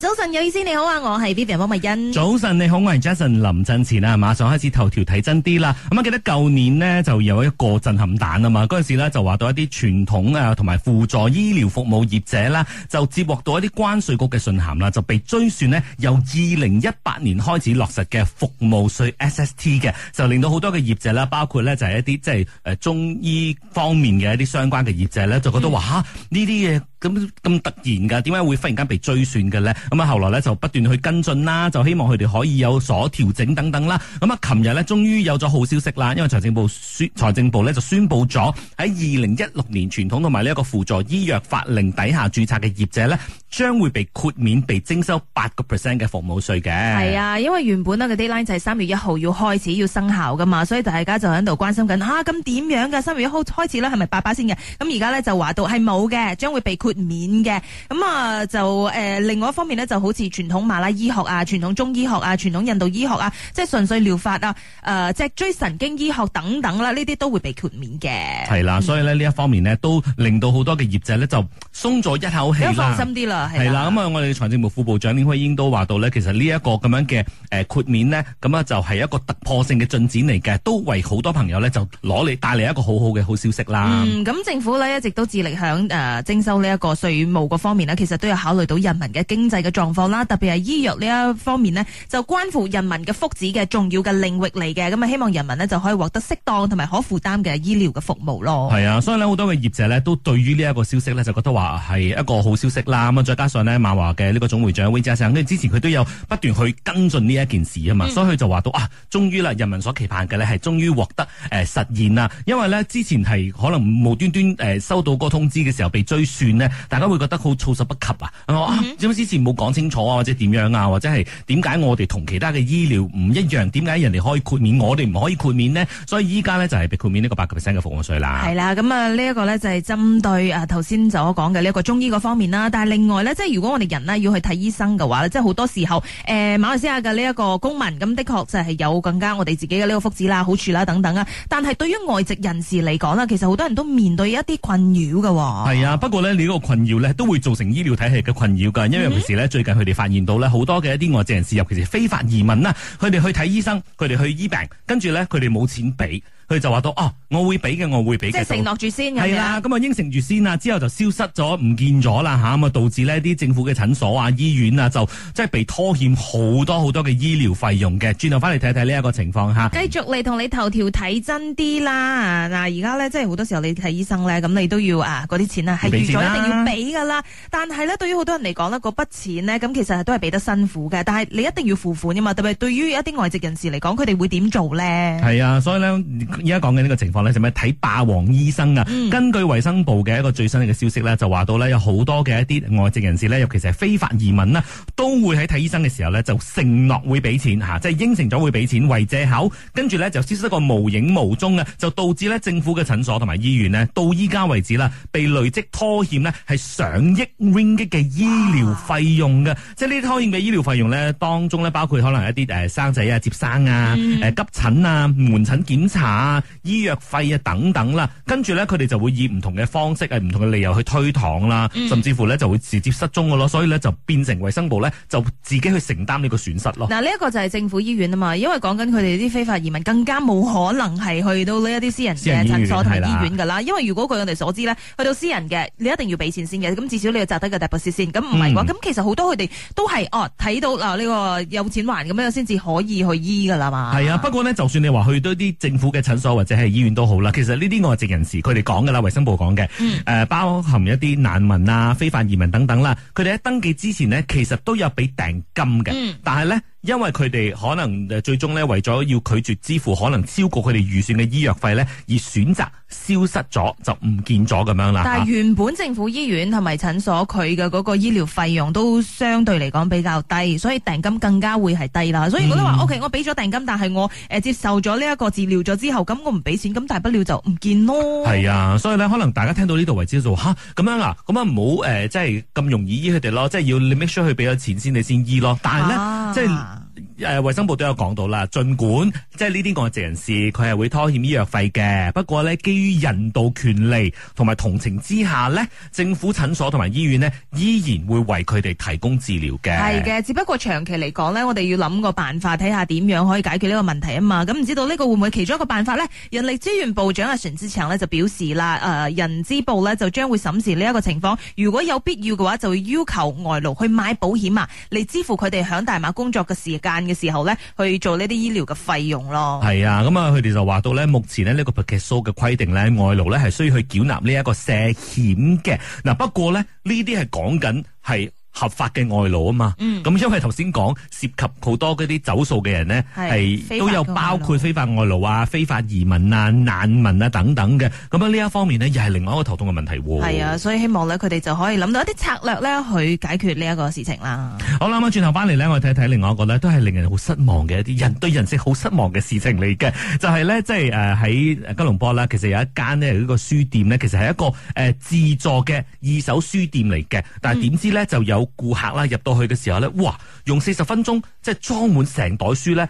早晨，有意思你好啊，我係 Vivian 郭蜜欣。早晨你好，我係 Jason 林振前啊，馬上開始頭條睇真啲啦。咁啊，記得舊年呢，就有一個震撼彈啊嘛，嗰陣時咧就話到一啲傳統啊同埋輔助醫療服務業者啦，就接獲到一啲關稅局嘅信函啦，就被追算呢由二零一八年開始落實嘅服務稅 SST 嘅，就令到好多嘅業者啦，包括咧就係一啲即係誒中醫方面嘅一啲相關嘅業者咧，就覺得話呢啲嘢咁咁突然噶，點解會忽然間被追算嘅咧？咁啊，後來咧就不斷去跟進啦，就希望佢哋可以有所調整等等啦。咁啊，琴日咧終於有咗好消息啦，因為財政部宣，財政部咧就宣佈咗喺二零一六年傳統同埋呢一個輔助醫藥法令底下註冊嘅業者咧，將會被豁免，被徵收八個 percent 嘅服務稅嘅。係啊，因為原本咧嗰啲 line 就係三月一號要開始要生效噶嘛所以大家就喺度關心緊啊。咁點樣嘅？三月一號開始咧係咪八巴仙嘅？咁而家咧就話到係冇嘅，將會被豁免嘅。咁啊就誒、呃，另外一方面咧就好似傳統馬拉醫學啊、傳統中醫學啊、傳統印度醫學啊，即係純粹療法啊、誒、呃、脊椎神經醫學等等啦，呢啲都會被豁免嘅。係啦、啊，所以呢，呢一方面呢都令到好多嘅業者咧就鬆咗一口氣，放心啲啦。係啦，咁啊，我哋財政部副部長李克英都話到呢，其實呢一個咁樣嘅誒豁免呢，咁啊就係一個突破性嘅進展嚟嘅，都為好多朋友呢，就攞嚟帶嚟一個好好嘅好消息啦。嗯，咁、嗯嗯嗯嗯嗯嗯、政府呢，一直都致力響誒徵收呢一個稅務個方面呢，其實都有考慮到人民嘅經濟嘅狀況啦，特別係醫藥呢一方面呢，就關乎人民嘅福祉嘅重要嘅領域嚟嘅，咁啊希望人民呢，就可以獲得適當同埋可負擔嘅醫療嘅服務咯。係啊，所以呢，好多嘅業者呢，都對於呢一個消息呢，就覺得話係一個好消息啦，嗯再加上呢，馬華嘅呢個總會長 Vincent 跟住之前佢都有不斷去跟進呢一件事啊嘛、嗯，所以佢就話到啊，終於啦，人民所期盼嘅咧係終於獲得誒、呃、實現啦。因為呢，之前係可能無端端誒收到嗰個通知嘅時候被追算呢，大家會覺得好措手不及啊。啊，點、嗯、解、啊、之前冇講清楚啊，或者點樣啊，或者係點解我哋同其他嘅醫療唔一樣？點解人哋可以豁免，我哋唔可以豁免呢？所以依家呢，就係、是、被豁免呢個八個 percent 嘅服務稅啦。係啦，咁啊呢一個呢，就係針對啊頭先所講嘅呢一個中醫嗰方面啦，但係另外。即係如果我哋人咧要去睇醫生嘅話咧，即係好多時候，誒、呃，馬來西亞嘅呢一個公民咁的確就係有更加我哋自己嘅呢個福祉啦、好處啦等等啦。但係對於外籍人士嚟講咧，其實好多人都面對一啲困擾噶係啊，不過呢，你呢個困擾咧都會造成醫療體系嘅困擾噶因為有時咧、嗯、最近佢哋發現到咧好多嘅一啲外籍人士，尤其是非法移民啦，佢哋去睇醫生，佢哋去醫病，跟住呢，佢哋冇錢俾。佢就話到哦，我會俾嘅，我會俾。即係承諾住先，係啦，咁啊應承住先啊，之後就消失咗，唔見咗啦吓，咁啊導致呢啲政府嘅診所啊、醫院啊，就即係被拖欠好多好多嘅醫療費用嘅。轉頭翻嚟睇睇呢一個情況吓，繼續嚟同你頭條睇真啲啦嗱！而家咧，即係好多時候你睇醫生咧，咁你都要啊嗰啲錢啊係預咗一定要俾噶啦。但係咧，對於好多人嚟講呢，嗰筆錢呢，咁其實都係俾得辛苦嘅。但係你一定要付款啊嘛，特別對於一啲外籍人士嚟講，佢哋會點做咧？係啊，所以咧。依家講緊呢個情況咧，就咩、是、睇霸王醫生啊、嗯？根據衞生部嘅一個最新嘅消息咧，就話到咧有好多嘅一啲外籍人士咧，尤其係非法移民啦，都會喺睇醫生嘅時候咧，就承諾會俾錢嚇，即、就、係、是、應承咗會俾錢為借口，跟住咧就消失得個無影無蹤啊，就導致咧政府嘅診所同埋醫院呢，到依家為止啦，被累積拖欠呢係上億令吉嘅醫療費用嘅，啊。即係呢啲拖欠嘅醫療費用咧，當中咧包括可能一啲誒、呃、生仔啊、接生啊、誒、嗯呃、急診啊、門診檢查，啊。啊，醫藥費啊等等啦，跟住咧，佢哋就會以唔同嘅方式啊，唔同嘅理由去推搪啦、嗯，甚至乎咧就會直接失蹤嘅咯，所以咧就變成衛生部咧就自己去承擔呢個損失咯。嗱、嗯，呢、這、一個就係政府醫院啊嘛，因為講緊佢哋啲非法移民更加冇可能係去到呢一啲私人嘅診所睇醫院噶啦，因為如果據我哋所知咧，去到私人嘅你一定要俾錢先嘅，咁至少你要扎得個大博士先。咁唔係嘅話，咁、嗯、其實好多佢哋都係哦睇到嗱呢個有錢還咁樣先至可以去醫噶啦嘛。係啊，不過呢，就算你話去到一啲政府嘅診所或者係醫院都好啦，其實呢啲外籍人士佢哋講㗎啦，衛生部講嘅，誒、嗯呃，包含一啲難民啊、非法移民等等啦、啊，佢哋喺登記之前呢，其實都有俾訂金嘅、嗯，但係咧。因為佢哋可能誒最終咧，為咗要拒絕支付可能超過佢哋預算嘅醫藥費咧，而選擇消失咗就唔見咗咁樣啦。但係原本政府醫院同埋診所佢嘅嗰個醫療費用都相對嚟講比較低，所以訂金更加會係低啦。所以、嗯、okay, 我都話 OK，我俾咗訂金，但係我誒、呃、接受咗呢一個治療咗之後，咁我唔俾錢，咁大不了就唔見咯。係啊，所以咧可能大家聽到呢度為止就吓、是、咁、啊、樣啦，咁啊唔好誒，即係咁容易醫佢哋咯，即係要你 make sure 佢俾咗錢先，你先醫咯。但係咧、啊、即係。誒、呃，衛生部都有講到啦。儘管即係呢啲外籍人士佢係會拖欠醫藥費嘅，不過呢基於人道權利同埋同情之下呢，政府診所同埋醫院呢依然會為佢哋提供治療嘅。係嘅，只不過長期嚟講呢，我哋要諗個辦法，睇下點樣可以解決呢個問題啊嘛。咁唔知道呢個會唔會其中一個辦法呢？人力資源部長阿船志強呢就表示啦，誒、呃、人資部呢就將會審視呢一個情況，如果有必要嘅話，就會要，要求外勞去買保險啊，嚟支付佢哋響大馬工作嘅時間。嘅時候咧，去做呢啲醫療嘅費用咯，係啊，咁啊，佢哋就話到咧，目前呢，呢個 package 嘅規定咧，外勞咧係需要去繳納呢一個社險嘅。嗱，不過咧，呢啲係講緊係合法嘅外勞啊嘛，咁、嗯、因為頭先講涉及好多嗰啲走數嘅人呢，係都有包括非法外勞啊、非法移民啊、難民啊等等嘅，咁樣呢，一方面呢，又係另外一個頭痛嘅問題喎、啊。係啊，所以希望咧，佢哋就可以諗到一啲策略咧，去解決呢一個事情啦。好啦，咁轉頭翻嚟咧，我哋睇睇另外一個咧，都係令人好失望嘅一啲人對人性好失望嘅事情嚟嘅，就係、是、咧，即係誒喺吉隆坡啦，其實有一間呢，一、這個書店呢，其實係一個誒、呃、自助嘅二手書店嚟嘅，但係點知咧、嗯、就有。有顧客啦，入到去嘅時候咧，哇！用四十分鐘，即係裝滿成袋書咧。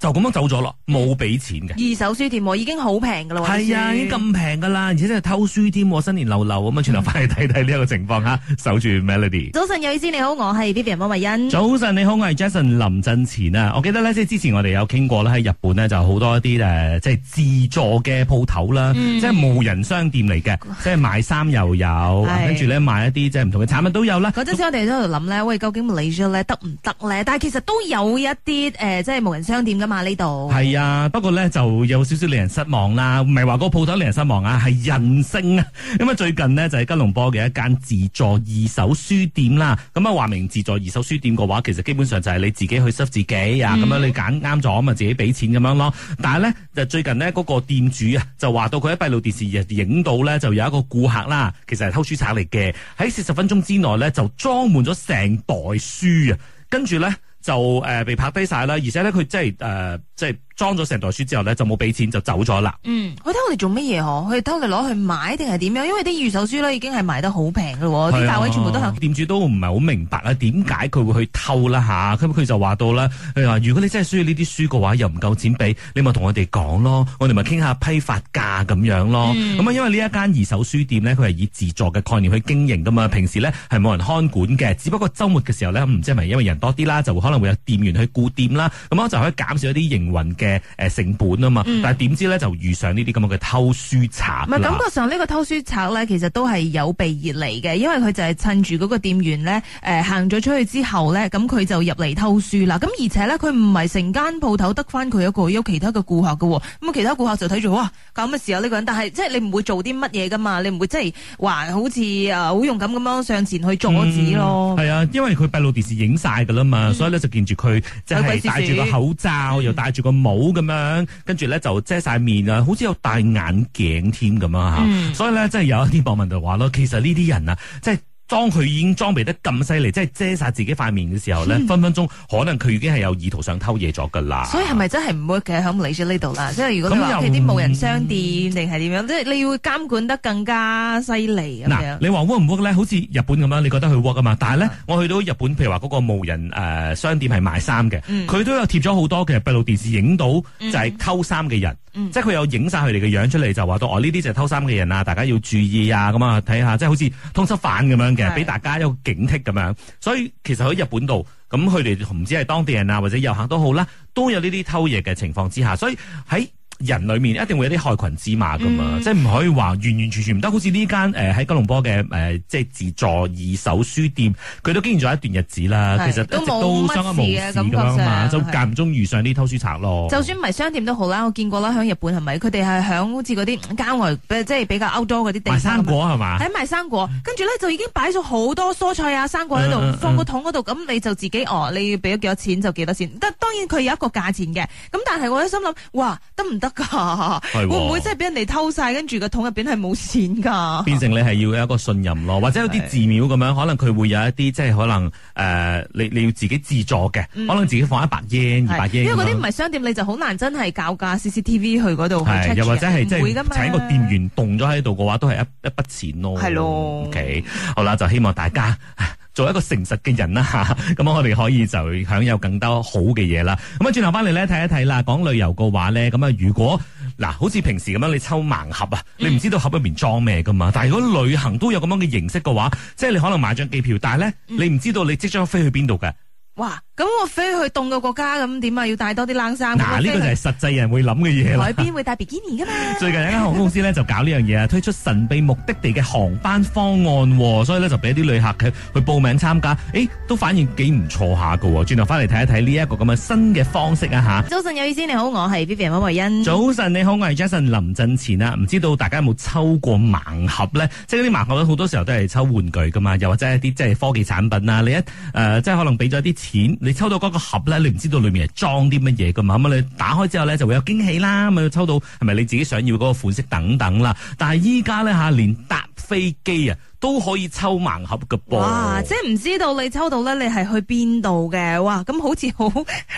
就咁樣走咗咯，冇俾錢嘅。二手書店，已經好平噶啦。係啊，已經咁平噶啦，而且真係偷書添，新年流流咁樣，轉頭翻嚟睇睇呢一個情況。 守住 Melody。早晨，有意思你好，我係 Vivian 歐欣。早晨你好，我係 Jason 林振前啊。我記得咧，即係之前我哋有傾過啦，喺日本咧就好多一啲誒，即係自助嘅鋪頭啦，即係無人商店嚟嘅， 即係買衫又有，跟住咧買一啲即係唔同嘅產品都有啦。嗰、嗯、陣、那個、時我哋喺度諗咧，喂，究竟理咗得唔得咧？但係其實都有一啲誒，即係無人商店嘛，呢度係啊，不過咧就有少少令人失望啦，唔係話個鋪頭令人失望啊，係人性啊。咁啊，最近呢，就係吉隆坡嘅一間自助二手書店啦。咁啊，話明自助二手書店嘅話，其實基本上就係你自己去 serve 自己啊，咁、嗯、樣你揀啱咗咪自己俾錢咁樣咯。但係咧就最近呢嗰、那個店主啊，就話到佢喺閉路電視影到咧就有一個顧客啦，其實係偷書賊嚟嘅。喺四十分鐘之內咧就裝滿咗成袋書啊，跟住咧。就誒被拍低晒啦，而且咧，佢即係誒即係，呃裝咗成袋書之後呢，就冇俾錢就走咗啦。嗯，佢睇我哋做乜嘢嗬？佢偷嚟攞去買定係點樣？因為啲二手書咧已經係賣得好平噶，價位全部都係。店主都唔係好明白啦，點解佢會去偷啦？吓、啊，咁佢就話到啦，佢、哎、話如果你真係需要呢啲書嘅話，又唔夠錢俾，你咪同我哋講咯，我哋咪傾下批發價咁樣咯。咁、嗯、啊，因為呢一間二手書店呢，佢係以自助嘅概念去經營噶嘛，平時呢，係冇人看管嘅，只不過周末嘅時候呢，唔知係咪因為人多啲啦，就可能會有店員去顧店啦，咁啊就可以減少一啲營運嘅，嘅成本啊嘛，但係點知咧就遇上呢啲咁嘅偷書賊。唔、嗯、係感覺上呢個偷書賊咧，其實都係有備而嚟嘅，因為佢就係趁住嗰個店員咧誒行咗出去之後咧，咁佢就入嚟偷書啦。咁而且咧佢唔係成間鋪頭得翻佢一個，有其他嘅顧客嘅喎。咁其他顧客就睇住哇咁嘅時候呢個人，但係即係你唔會做啲乜嘢噶嘛，你唔會即係話好似啊好勇敢咁樣上前去阻止咯。係、嗯、啊，因為佢閉路電視影晒㗎啦嘛、嗯，所以咧就見住佢即係戴住個口罩、嗯、又戴住個帽。嗯好咁樣，跟住咧就遮晒面啊，好似有戴眼鏡添咁樣吓。所以咧，真係有一啲網民就話咯，其實呢啲人啊，即係當佢已經裝備得咁犀利，即、就、係、是、遮晒自己塊面嘅時候咧，分分鐘可能佢已經係有意圖上偷嘢咗噶啦。所以係咪真係唔會企喺嚟住呢度啦？即係如果喺啲無人商店定係點樣，即係你要監管得更加犀利咁樣。你話窩唔窩咧？好似日本咁樣，你覺得佢窩噶嘛？但係咧、嗯，我去到日本，譬如話嗰個無人誒、呃、商店係賣衫嘅，佢、嗯、都有貼咗好多嘅閉路電視，影到就係偷衫嘅人，嗯嗯、即係佢有影晒佢哋嘅樣出嚟，就話到哦呢啲就係偷衫嘅人啊，大家要注意啊咁啊，睇下即係好似通緝犯咁樣。其實俾大家一個警惕咁樣，所以其實喺日本度咁，佢哋唔知係當地人啊或者遊客都好啦，都有呢啲偷嘢嘅情況之下，所以喺。人裡面一定會有啲害群之馬噶嘛，嗯、即係唔可以話完完全全唔得。好似呢間誒喺吉隆坡嘅誒即係自助二手書店，佢都經營咗一段日子啦。其實都冇乜事嘅，感覺上，就間唔中遇上啲偷書賊咯。就算唔係商店都好啦，我見過啦，喺日本係咪？佢哋係喺好似嗰啲郊外，即係比較歐洲嗰啲地方賣生果係嘛？喺賣生果，跟住咧就已經擺咗好多蔬菜啊、生果喺度、嗯，放個桶嗰度。咁、嗯、你就自己哦，你俾咗幾多錢就幾多錢。但當然佢有一個價錢嘅。咁但係我喺心諗，哇，得唔得？得 噶？會唔會即係俾人哋偷晒，跟住個桶入邊係冇錢噶？變成你係要有一個信任咯，或者有啲寺廟咁樣，可能佢會有一啲即係可能誒、呃，你你要自己自助嘅，可能自己放一百日圓、二百日圓。因為嗰啲唔係商店，你就好難真係搞價 CCTV 去嗰度，又或者係即係請個店員凍咗喺度嘅話，都係一一筆錢咯。係咯，OK，好啦，就希望大家。 做一個誠實嘅人啦，咁我哋可以就享有更多好嘅嘢啦。咁啊，轉頭翻嚟咧，睇一睇啦，講旅遊嘅話咧，咁啊，如果嗱，好似平時咁樣你抽盲盒啊，嗯，你唔知道盒入面裝咩噶嘛。但係如果旅行都有咁樣嘅形式嘅話，即係你可能買張機票，但係咧你唔知道你即將飛去邊度嘅。哇咁我飛去凍嘅國家咁點啊？要帶多啲冷衫。嗱，呢個就係實際人會諗嘅嘢咯。海邊會帶比基尼噶嘛？最近一間航空公司咧 就搞呢樣嘢啊，推出神秘目的地嘅航班方案， 所以咧就俾一啲旅客去去報名參加。誒，都反應幾唔錯下噶喎。轉頭翻嚟睇一睇呢一個咁嘅新嘅方式啊吓，早晨有意思，你好，我係 Vivian 巫慧恩。早晨你好，我係 Jason 林振前啊。唔知道大家有冇抽過盲盒咧？即係啲盲盒好多時候都係抽玩具噶嘛，又或者係一啲即係科技產品啊。你一誒、呃，即係可能俾咗啲錢。你抽到嗰個盒咧，你唔知道裏面係裝啲乜嘢，噶嘛？咁啊，你打開之後咧就會有驚喜啦。咁啊，抽到係咪你自己想要嗰個款式等等啦？但係依家咧吓，連搭飛機啊！都可以抽盲盒嘅噃，哇！即係唔知道你抽到咧，你係去邊度嘅？哇！咁好似好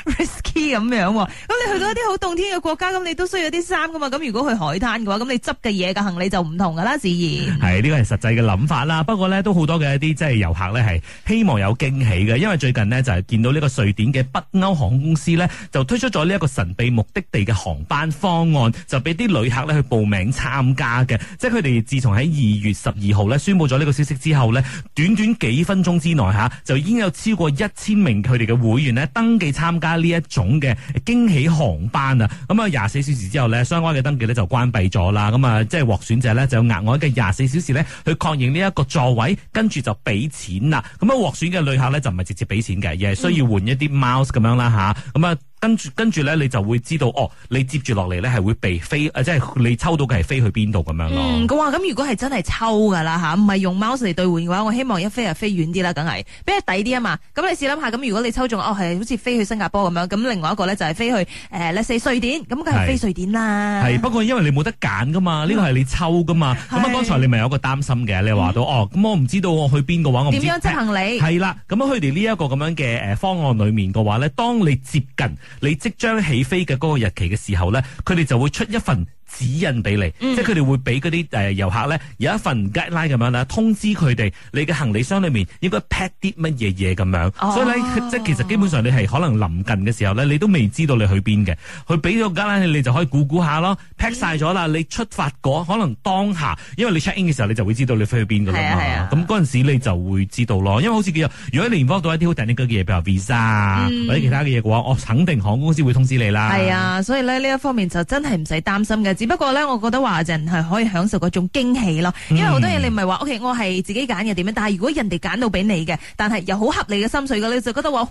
risky 咁樣喎。咁你去到一啲好凍天嘅國家，咁你都需要啲衫噶嘛？咁如果去海灘嘅話，咁你執嘅嘢，嘅行李就唔同噶啦，自然係呢、呢個係實際嘅諗法啦。不過咧，都好多嘅一啲即係遊客咧，係希望有驚喜嘅。因為最近咧就係、是、見到呢個瑞典嘅北歐航空公司咧，就推出咗呢一個神秘目的地嘅航班方案，就俾啲旅客咧去報名參加嘅。即係佢哋自從喺二月十二號咧宣布。咗、這、呢個消息之後咧，短短幾分鐘之內吓，就已經有超過一千名佢哋嘅會員咧登記參加呢一種嘅驚喜航班啊！咁啊，廿四小時之後咧，相關嘅登記咧就關閉咗啦。咁啊，即係獲選者咧就有額外嘅廿四小時咧去確認呢一個座位，跟住就俾錢啦。咁啊，獲選嘅旅客呢，就唔係直接俾錢嘅，而係需要換一啲 mouse 咁樣啦吓。咁啊。跟住跟住咧，你就會知道哦，你接住落嚟咧係會被飛，誒即係你抽到嘅係飛去邊度咁樣咯。嗯，嘩咁如果係真係抽噶啦嚇，唔、啊、係用 mouse 嚟兌換嘅話，我希望一飛就飛遠啲啦，梗係，比較抵啲啊嘛。咁你試諗下，咁如果你抽中哦係好似飛去新加坡咁樣，咁另外一個咧就係、是、飛去誒、呃、四瑞典，咁梗係飛瑞典啦。係不過因為你冇得揀噶嘛，呢個係你抽噶嘛。咁啊，剛才你咪有一個擔心嘅，你話到、嗯、哦，咁我唔知道我去邊嘅話，我點樣執行李。係啦，咁佢哋呢一個咁樣嘅誒方案裡面嘅話咧，當你接近。你即將起飛嘅嗰個日期嘅時候咧，佢哋就會出一份，指引俾你，嗯、即係佢哋會俾嗰啲誒遊客咧有一份 guideline 咁樣啦，通知佢哋你嘅行李箱裏面應該 pack 啲乜嘢嘢咁樣，哦。所以咧，即係其實基本上你係可能臨近嘅時候咧，你都未知道你去邊嘅。佢俾咗個 guideline，你，你就可以估估下咯。pack 晒咗啦，你出發嗰可能當下，因為你 check in 嘅時候，你就會知道你飛去邊噶啦嘛。咁嗰陣時你就會知道咯。因為好似叫做，如果你唔幫到一啲好特別嘅嘢，譬如 visa，嗯、或者其他嘅嘢嘅話，我肯定航空公司會通知你啦。係啊，所以呢，呢一方面就真係唔使擔心嘅。只不過咧，我覺得話人係可以享受嗰種驚喜咯，因為好多嘢你唔係話，OK，我係自己揀嘅點樣，但係如果人哋揀到俾你嘅，但係又好合理嘅心水嘅，你就覺得話哇，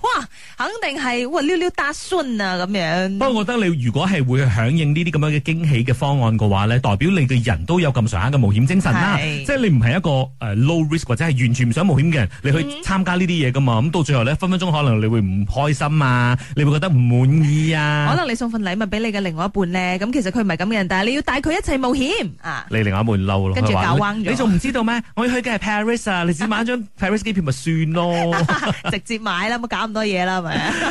肯定係哇溜溜達孫啊咁樣。不過我覺得你如果係會去響應呢啲咁樣嘅驚喜嘅方案嘅話咧，代表你嘅人都有咁上下嘅冒險精神啦，即係你唔係一個誒、uh, low risk 或者係完全唔想冒險嘅人，你去參加呢啲嘢噶嘛，咁、嗯、到最後呢，分分鐘可能你會唔開心啊，你會覺得唔滿意啊，可能你送份禮物俾你嘅另外一半咧，咁其實佢唔係咁嘅人，你要帶佢一齊冒險啊！你另外門嬲咯，跟住搞彎咗。你仲唔知道咩？我要去梗係 Paris 啊！ 你自己買張 Paris 機票咪算咯， 直接買啦，唔好搞咁多嘢啦，係 咪